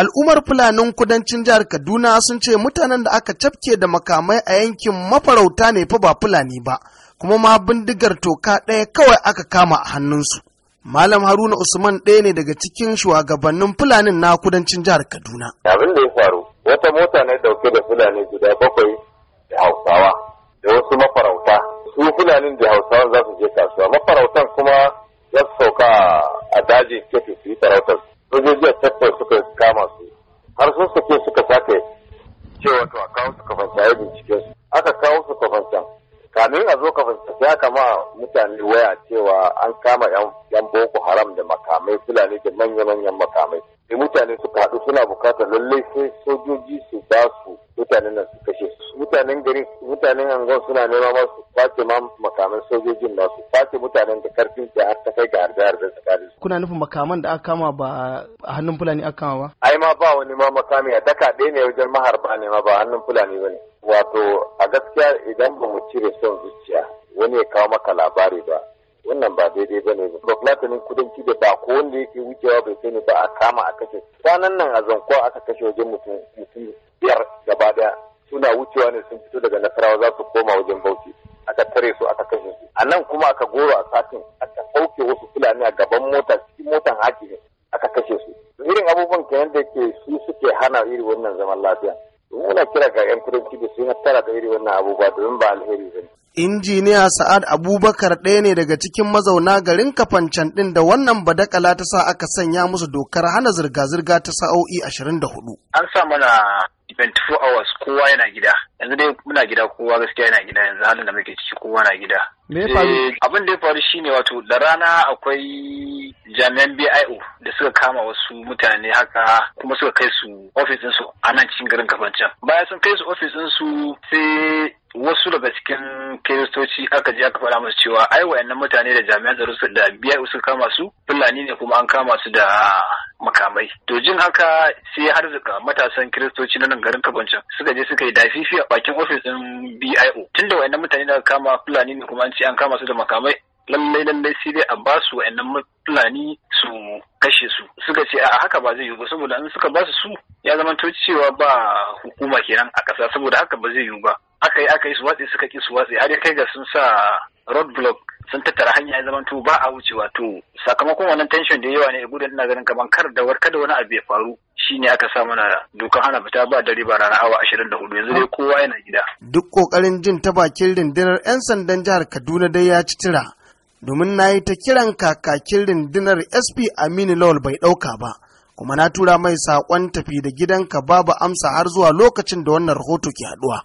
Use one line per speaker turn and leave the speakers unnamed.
Al'ummar Fulanin kudancin jihar Kaduna sun ce mutanen da aka cafke da makamai a yankin mafarauta ne fa ba Fulani ba, kuma ma bindigar toka ɗaya kawai aka kama a hannunsu. Malam Haruna Usman ɗaya ne daga cikin shugabannin Fulanin na kudancin jihar Kaduna.
Abin da ya faru, wata mota ne dauke da Fulani guda bakwai da Hausawa da wasu mafarauta. Su Fulanin da Hausawan za su je kasuwa, mafarautan kuma za sauka a daji kamin a zo ka fahimci ya kama mutane waya cewa an kama yan boko haram da makamai fulani da manya-manyan makamai sai mutane suka haɗu suna bukatar lallai sai sojoji su ba su mutanen nan su kashe su mutanen gari mutanen angon suna nema masu kwace ma makaman sojojin su kwace mutanen da karfin ke har ta kai ga harbe harbe tsakanin
kuna nufin makaman da aka kama ba a hannun fulani aka kama ba
ai ma ba wani ma makami a daka ɗaya ne wajen maharba ne ma ba hannun fulani ba ne wato a gaskiya idan ba mu cire son zuciya wani ya kawo maka labari ba wannan ba daidai ba ne ba platinum kudanci da ba ko wanda yake wucewa bai sani ba a kama a kashe Sanan nan a zanko aka kashe wajen mutum biyar gaba daya suna wucewa ne sun fito daga nasarawa za su kuma aka goro a satin aka sauke wasu fulani a gaban mota cikin motan hakimi aka kashe su irin abubuwan kenan da ke su suke hana iri wannan zaman lafiya muna kira ga yan kudanci da su yi tara da iri wannan abubuwa domin ba alheri ba ne
injiniya sa'ad abubakar ɗaya ne daga cikin mazauna garin kafancan ɗin da wannan badakala ta sa aka sanya musu dokar hana zirga-zirga ta sa'o'i 24
an sa mana 24 hours kowa yana gida yanzu dai muna gida kowa gaskiya yana gida yanzu halin da muke ciki kowa na gida eh, abin da ya faru shine wato da rana akwai jami'an BIO da suka kama wasu mutane haka kuma suka kai su ofisinsu a nan cikin garin kafancan bayan sun kai su ofisinsu sai da daga cikin kiristoci aka je aka faɗa musu cewa ai wayannan mutane da jami'an tsaro su da biya su kama su fulani ne kuma an kama su da makamai to jin haka sai har zuka matasan kiristoci na nan garin kabancin suka je suka yi dafifi a bakin ofis din BIO tunda wayannan mutane da kama fulani ne kuma an ce an kama su da makamai lallai lallai sai dai a ba su wayannan fulani su kashe su suka ce a haka ba zai yiwu ba saboda in suka ba su su ya zama cewa ba hukuma kenan a ƙasa saboda haka ba zai yiwu ba aka yi aka yi su watsi suka ki su watsi har kai ga sun sa road block sun tattara hanya ya zamanto ba a wucewa to sakamakon wannan tension da yawa ne gudun ina ganin kamar kar da warka da wani abu ya faru Shi ne aka sa mana dokan hana fita ba dare ba rana awa 24 yanzu dai kowa yana gida
duk kokarin jin ta bakin rindinar yan sandan jihar Kaduna dai ya ci tira domin na yi ta kiran kakakin rindinar SP Aminu Lawal bai ɗauka ba kuma na tura mai sakon tafi da gidanka babu amsa har zuwa lokacin da wannan rahoto ke haɗuwa.